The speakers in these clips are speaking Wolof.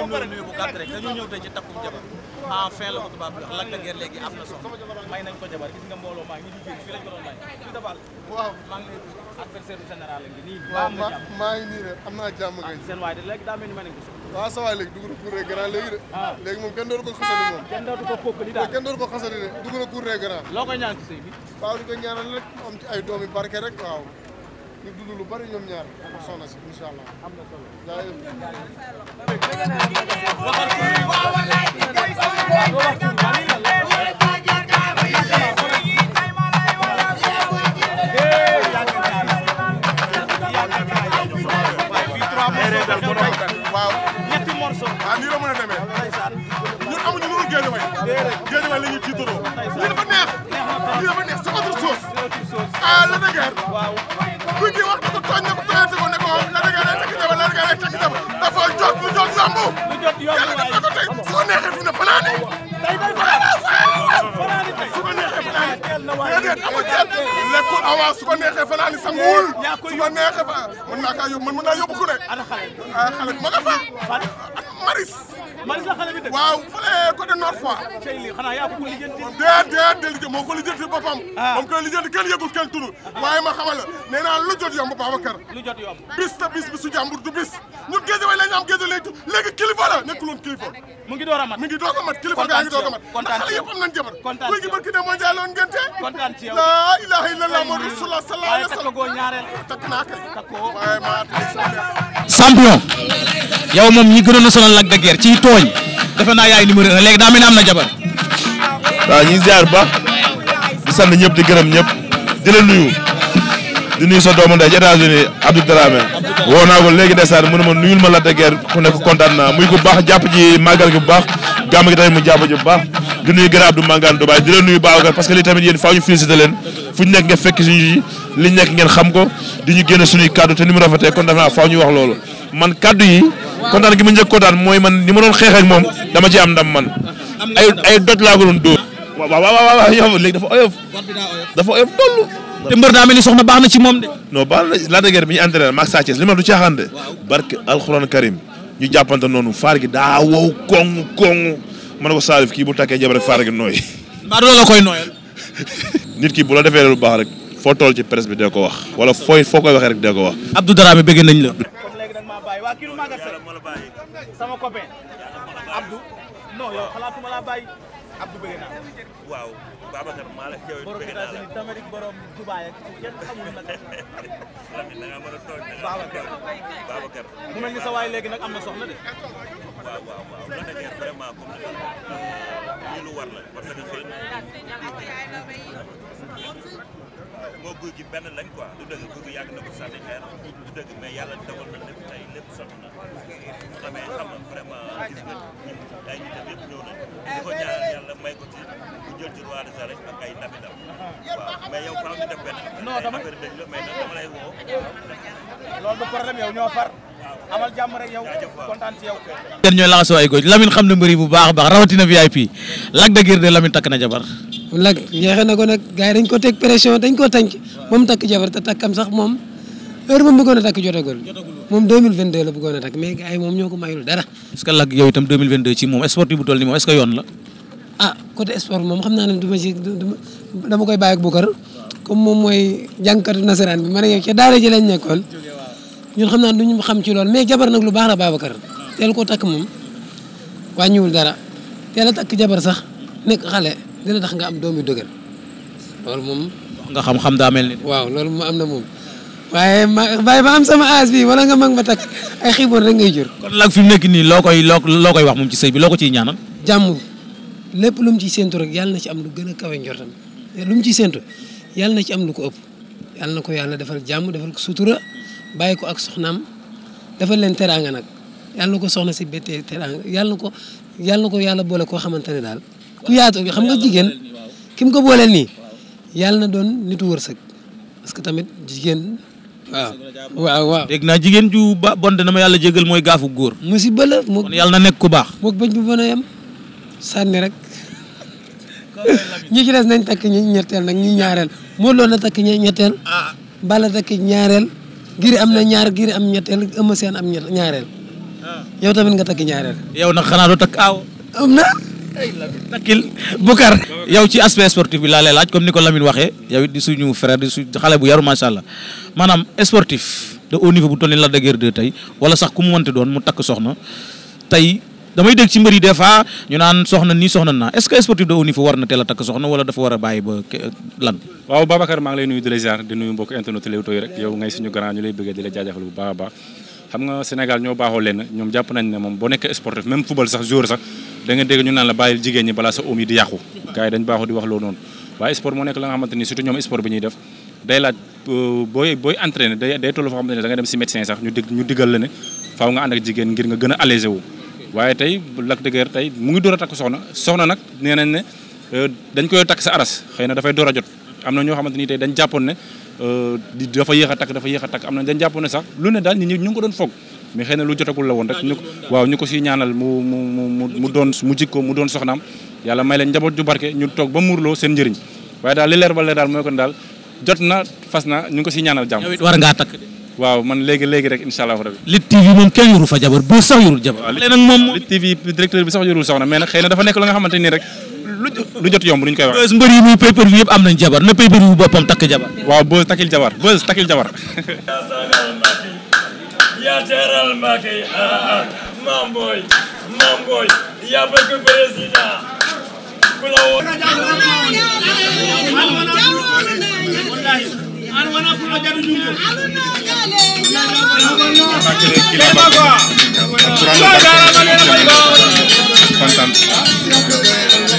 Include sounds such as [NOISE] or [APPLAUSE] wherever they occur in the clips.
ñu nuyu nuyu bu gàtt rek dañu ñëw tey ah, na soxna may nañ ko jabar gis nga mbooloo maa ngi waaw maa nii rek am naa jàmm ah, kay seen waay de léegi daa ma ne ko sa waay léegi dugg a cour des grands léegi de ah. léegi moom kenn dootu ko xasali moom kenn dootu ko kokkali daal kenn ñaan ci sëy ay doomi barke rek waaw ñu dund lu bari ñoom ñaar ak soxna si incha allah am na solo jaay waaw ñetti morso waaw ah, nii la mën a demee ñun amuñu lu dul géejawaay géejawaay la ñuy tiitaroo lii dafa neex lii dafa neex c'est autre chose ah la dëgër waaw guy gi wax na ko tooñ na ko tooñati ko ne ko la dëgg rek takk jabar la dëgg rek takk jabar su ko neexee fi ne fanaani. tey day fanaani su ko neexee fanaani. déedéet amul ah su ko neexee fa mën naa kaa yóbbu mën naa yóbbu ku ne. xale ah, ma nga Maris. Maris la xale bi dëkk. waaw fële côté Nord Foire. tey lii xanaa yaa ko lijjanti. déedéet de lijjanti moo ko lijjanti boppam. Ah. moom koy lijjanti kenn yëgul kenn turu. Ah. waaye ma xamal la nee naa lu jot yomb Babacar. lu jot yomb bis te bis bi su jàmbur du bis. ñun géej way la ñu am géej lañu léegi kilifa la nekkul woon kilifa. mu ngi door a mat mi ngi doog a mat kilifa gaa ngi doog a mat. kontaan si yow ndax xale yëpp am nañu jabar. kontaan si yow kuy gi barki ne mooy kontaan ci yow. laa ilaaha naa kay. takkoo waaye maa moom ñi gënoon a sonal Lac de ci tooñ. defe naa yaay numéro un léegi daa mel ni am na jabar. waaw ñu ngi ziar ba. di sant ñëpp di gërëm ñëpp. di la nuyu. di nuyu sa doomu ndey ci États-Unis Abdou woo naa ko léegi desaan mu ne ma nuyul ma Lac de ku nekk kontaan muy ku baax jàpp ji màggal gi bu baax gi tamit mu jàpp ji bu baax. di nuyu gën a Abdou Mangane Dubaay di leen nuyu Babacar parce que leen fu baax na ci moom de non baax bi ñu entraîné maag Sa Thiès li ma du caaxaan barke alxuraan karim ñu jàppante noonu faar gi daa wow koŋ koŋ ma ne ko Salif kii bu takkee jabar rek gi nooy. mbaa loolu la koy nooyal. [LAUGHS] nit ki bu la defee lu baax rek foo toll ci presse bi de ko wax wala fooy foo koy waxee rek dee ko wax. Abdou Dramé bëgg nañ la. Abdou bëgg naa waaw Babacar maa la yow bëgg naa la tamit borom Dubaay ak kenn xamul nag [LAUGHS] Lamine da nga mën a tooñ Babacar Babacar mu mel ni sa waay léegi nag am na soxna de waaw waaw waaw la da vraiment comme ni lu war la parce que xëy na nguur gi benn lañ quoi du dëgg nguur gi la mais nag dama ñoo far amal jàmm rek yow kontaan ci yow ñooy laxasoo ay góor Lamine xam na mbëri bu baax a baax rawatina VIP Lac de Guiers de Lamine takk na jabar lag yeexe na ko nag gars yi dañ ko teg pression dañ ko tànk moom takk jabar te takkam sax moom heure moom bëggoon a takk jotagul moom 2022 la bëggoon a takk mais gars yi moom ñoo ko mayul moom la ah côté moom xam naa ne du ma ci dama koy bàyyi ak Boucar moom mooy jàngkatu nasaraan bi ma ne yow ca daara ji lañ nekkoon ñun xam naa duñu xam ci loolu mais jabar nag lu baax la Babacar teel ko takk moom wàññiwul dara teel a takk jabar sax nekk xale dina tax nga am doom yu dëgër loolu moom. nga xam-xam daa mel ni. waaw loolu moom am na moom waaye ba bàyyi ma am sama âge bi wala nga mag ma takk ay xiboon rek ngay jur. kon nag fi mu nekk nii loo koy loo loo wax moom ci sëy bi loo ko ciy ñaanal. jàmm lépp lu mu ciy séntu rek yàlla na ci am lu gën a kawe njortam lu ciy séntu yàlla na ci am lu ko ëpp yàlla na ko yàlla defal jàmm defal ko sutura bàyyi ko ak soxnaam defal leen teraanga nag yàlla na ko soxna si bettee teraanga yàlla na ko yàlla ko yàlla boole koo xamante ne daal. ku yaatu xam nga jigéen ki mu ko booleel nii yàlla na doon nitu wërsëg parce que tamit jigéen waaw waaw waaw dégg naa jigéen ju ba bon na ma yàlla jégal mooy gaafu góor mu si la moo yàlla na nekk ku baax mook bëj bu mën a yem sànni rek ñi ci des nañ takk ñi ñetteel nag ñi ñaareel moo loolu na takk ñi ñetteel bala takk ñaareel giri am na ñaar giri am ñetteel ëma seen am ñaareel ah. tamit nga takk ñaareel yow nag xanaa doo takk aaw takkil Boucar yow ci aspect sportif bi laa lay laaj comme ni ko Lamine waxee yow it di suñu frère di suñu xale bu yaru macha allah maanaam sportif de haut niveau bu toll nii la de tey wala sax ku mu mënti doon mu takk soxna tey damay dégg ci mbir yi des fois ñu naan soxna nii soxna naa est sportif de haut niveau war na teel a takk soxna wala dafa war a bàyyi ba lan. waaw Babacar maa ngi lay nuyu di la ziar di nuyu mbokk internet Leewtoo yi rek yow ngay xam nga Sénégal ñoo baaxoo leen ñoom jàpp nañ ne moom boo nekkee sportif même football sax joueur sax da nga dégg ñu naan la bàyyil jigéen ñi balaa sa oom yi di yàqu gars dañ baaxoo di wax loo waaye sport moo nekk la nga xamante surtout ñoom sport bi ñuy def day laaj euh, booy booy entraîné day day toll foo xamante ne da dem si médecin sax ñu dig ñu diggal la ne faaw nga ànd ak jigéen ngir nga gën a allégé wu waaye tey Lac de tey mu ngi door a takk soxna soxna nag nee nañ ne euh, dañ koy takk sa aras xëy na dafay door a jot am na ñoo xamante ni tey dañ jàppoon ne euh, dafa yéex a takk dafa yéex a takk am na dañ jàppoon ne sax lu ne daal nit doon foog mais xëy lu jotagul la woon rek ñu waaw ñu ko ñaanal mu mu mu mu doon mu jikko mu doon soxnaam yàlla may leen njaboot ju ñu toog ba muurloo seen njëriñ waaye daal li leer ba leer daal mooy kon daal jot na fas na ñu ngi ko siy ñaanal jàmm war ngaa takk waaw man léegi léegi rek incha allahu rabi Lutte TV moom kenn yorul fa jabar bu sax yorul jabar bi sax yorul soxna mais nag xëy la nga xamante nii lu jot yomb lu ñu koy wax. bës mbër yi muy pay per view yëpp am nañ jabar na pay per view boppam takk jabar. waaw bës takkil jabar bës takkil jabar. yaa teral Macky ah ah maam booy maam booy yaa bëgg président ku la woo. kontaan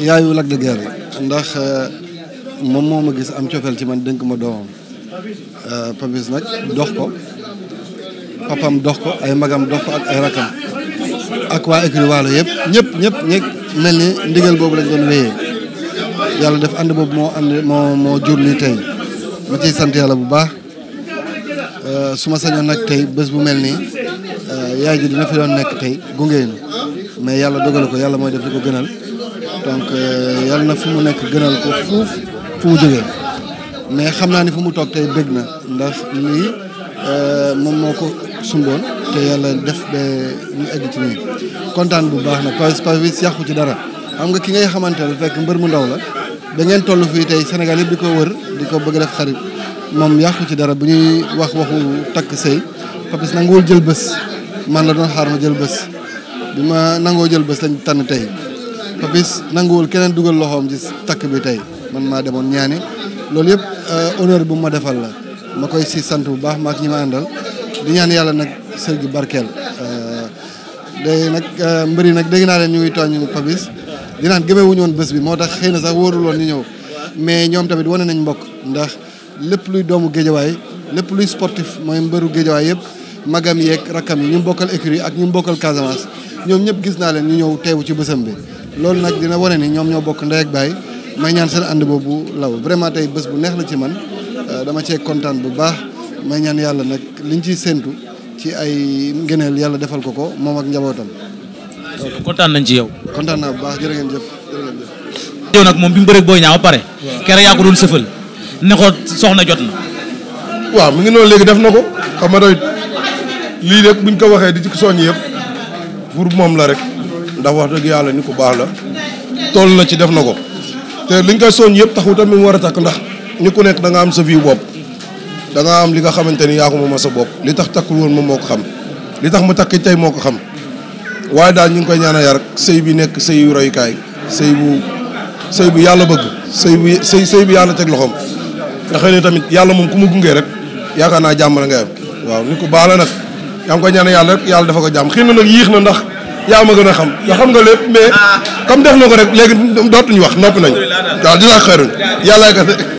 yaayu Lac de Guiers ndax euh, moom moo ma gis am cofeel ci man dénk ma doomam euh, Papis nag dox ko papam dox ko ay magam dox ko ak ay rakam ak waa écurie Waalo yëpp ñëpp ñëpp ñëpp mel ni ndigal boobu lañ doon wéyee yàlla def ànd boobu moo ànd moo moo jur lii tey ma ciy sant yàlla bu baax euh, su ma sañoon nag tey bés bu mel nii yaay ji dina fi doon nekk tey gunge na mais yàlla dogale ko yàlla mooy def li ko gënal donc euh, yàlla na fi mu nekk gënal ko fuuf fu mu jógee mais xam naa ni fu mu toog tey bëgg na ndax lii euh, moom moo ko sumboon te yàlla def ba ñu egg ci nii kontaan bu baax nag Pawlish Pawlish yàqu ci dara xam nga ki ngay xamante ne fekk mbër mu ndaw la da ngeen toll fii tey Sénégal yëpp di ko wër di ko bëgg def xarit moom yàqu ci dara bu ñuy wax waxu takk sëy Pawlish nanguwul jël bës man la doon xaar ma jël bës bi ma nangoo jël bés lañ tànn tey te bis nanguwul keneen dugal loxoom ci takk bi tey man maa demoon ñaani loolu yëpp euh, honneur bu ma defal la ma koy si sant bu baax maak ñi ma àndal di ñaan yàlla nag sër gi barkeel euh, day nag euh, mbëri nag dégg naa leen ñu ngi tooñ Pabis di naan gëmewuñu woon bés bi moo tax xëy na sax wóorul ñu ñëw mais ñoom tamit wane nañ mbokk ndax lépp luy doomu géejawaay lépp luy sportif mooy mbëru géejawaay yëpp magam yeeg rakkam yi ñu bokkal écurie ak ñu mbokkal Casamance ñoom ñëpp gis naa leen ñu ñëw teewu ci bésam bi loolu nag dina wone ni ñoom ñoo bokk ndey baay may ñaan seen ànd boobu law vraiment tey bés bu neex la ci man euh, dama cee kontaan bu baax may ñaan yàlla nag liñ ciy séentu ci ay ngëneel yàlla defal ko ko moom ak njabootam. kontaan nañ ci yow. kontaan naa bu baax jërë ngeen jëf jërë moom bi mu bëreeg booy ñaaw ba pare. waaw keroog yaa ko doon soxna jot na. waaw mu ngi noonu léegi def na ko xam lii rek buñ ko waxee di ci soññ yëpp pour moom la rek. ndax wax dëgg yàlla ni ko baax la toll na ci def na ko te liñ koy soñ yëpp taxu tamit mu war a takk ndax ni ko nekk da nga am sa vie bopp da nga am li nga xamante ni yaa ko moom sa bopp li tax takkul woon moom moo ko xam li tax mu takki tey moo ko xam waaye daal ñu ngi koy ñaanal yar sëy bi nekk sëy royukaay sëy bu sëy bu yàlla bëgg sëy bu sëy sëy bi yàlla teg loxoom nga xëy ne tamit yàlla moom ku mu gungee rek yaakaar naa jàmm la nga am waaw ni ko baax la nag yaa ngi koy ñaanal yàlla rek yàlla dafa ko jàmm xëy na nag yéex na ndax yaa ma gën a xam nga xam nga lépp mais ah. comme def na ko rek léegi dootuñu wax noppi nañu waaw di la xëy yàlla kese